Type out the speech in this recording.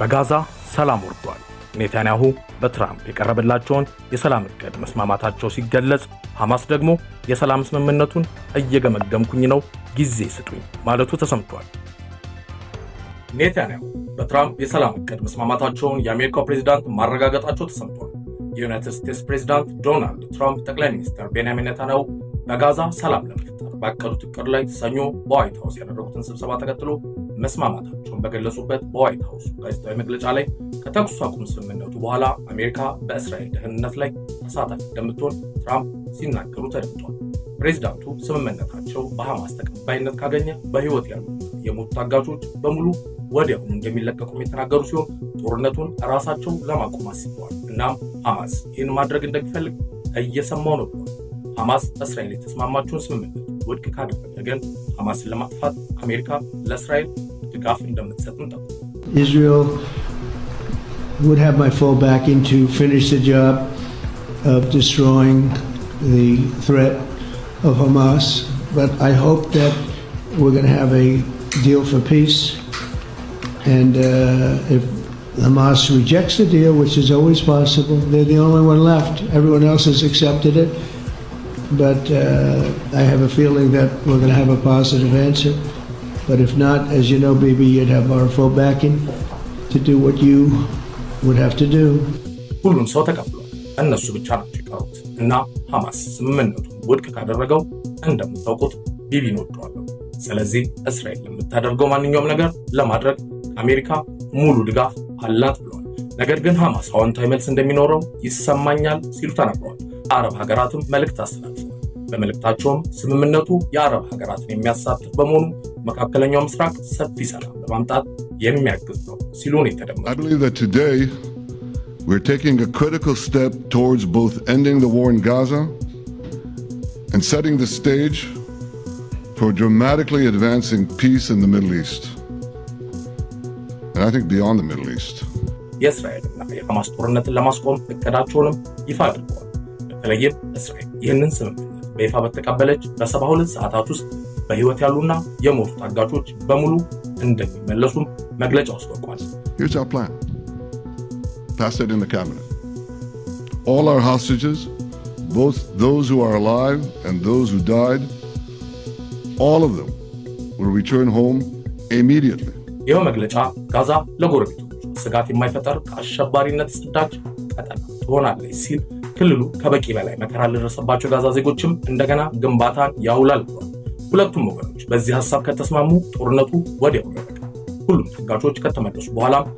በጋዛ ሰላም ወርዷል። ኔታንያሁ በትራምፕ የቀረበላቸውን የሰላም እቅድ መስማማታቸው ሲገለጽ፣ ሐማስ ደግሞ የሰላም ስምምነቱን እየገመገምኩኝ ነው፣ ጊዜ ስጡኝ ማለቱ ተሰምቷል። ኔታንያሁ በትራምፕ የሰላም እቅድ መስማማታቸውን የአሜሪካው ፕሬዚዳንት ማረጋገጣቸው ተሰምቷል። የዩናይትድ ስቴትስ ፕሬዚዳንት ዶናልድ ትራምፕ ጠቅላይ ሚኒስትር ቤንያሚን ኔታንያሁ በጋዛ ሰላም ለመፍጠር ባቀዱት እቅድ ላይ ሰኞ በዋይት ሀውስ ያደረጉትን ስብሰባ ተከትሎ መስማማታቸውን በገለጹበት በዋይት ሀውስ ጋዜጣዊ መግለጫ ላይ ከተኩስ አቁም ስምምነቱ በኋላ አሜሪካ በእስራኤል ደህንነት ላይ ተሳታፊ እንደምትሆን ትራምፕ ሲናገሩ ተደምጧል። ፕሬዚዳንቱ ስምምነታቸው በሐማስ ተቀባይነት ካገኘ በሕይወት ያሉ የሞቱ ታጋቾች በሙሉ ወዲያውኑ እንደሚለቀቁም የተናገሩ ሲሆን ጦርነቱን ራሳቸው ለማቆም አስበዋል። እናም ሐማስ ይህን ማድረግ እንደሚፈልግ እየሰማው ነው ብሏል። ሐማስ እስራኤል የተስማማቸውን ስምምነት ውድቅ ካደ። ሐማስን ለማጥፋት አሜሪካ ለእስራኤል ድጋፍ እንደምትሰጥም Israel would have my full backing to finish the job of destroying the threat of Hamas, but I hope that we're going to have a deal for peace. And uh, if Hamas rejects the deal, which is always possible, they're the only one left. Everyone else has accepted it. but uh, I have a feeling that we're going to have a positive answer. But if not, as you know, BB, you'd have our full backing to do what you would have to do. ሁሉም ሰው ተቀብሏል። እነሱ ብቻ ናቸው የቀሩት እና ሐማስ ስምምነቱን ውድቅ ካደረገው እንደምታውቁት ቢቢን ወደዋለሁ። ስለዚህ እስራኤል የምታደርገው ማንኛውም ነገር ለማድረግ አሜሪካ ሙሉ ድጋፍ አላት ብለዋል። ነገር ግን ሐማስ አዎንታዊ መልስ እንደሚኖረው ይሰማኛል ሲሉ ተናግረዋል። አረብ ሀገራትም መልእክት አስተላልፈዋል። በመልእክታቸውም ስምምነቱ የአረብ ሀገራትን የሚያሳትፍ በመሆኑ መካከለኛው ምስራቅ ሰፊ ሰላም ለማምጣት የሚያግዝ ነው ሲሉ ነው የተደመጠው። and setting the stage for dramatically advancing peace in the Middle East. And I think beyond the Middle East. የእስራኤልና የሐማስ ለማስቆም እቅዳቸውንም ይፋ አድርገዋል። በተለይም እስራኤል ይህንን ስምምነት በይፋ በተቀበለች በሰባ ሁለት ሰዓታት ውስጥ በህይወት ያሉና የሞቱ ታጋቾች በሙሉ እንደሚመለሱም መግለጫ አስታውቋል። All our hostages, both those who are alive and those who died, all of them will return home immediately. ይኸው መግለጫ ጋዛ ለጎረቤቶች ስጋት የማይፈጠር ከአሸባሪነት ጽዳጅ ቀጠና ትሆናለች ሲል ክልሉ ከበቂ በላይ መከራ ለደረሰባቸው ጋዛ ዜጎችም እንደገና ግንባታን ያውላል ብሏል። ሁለቱም ወገኖች በዚህ ሀሳብ ከተስማሙ ጦርነቱ ወዲያው ይረቃል። ሁሉም ታጋቾች ከተመለሱ በኋላም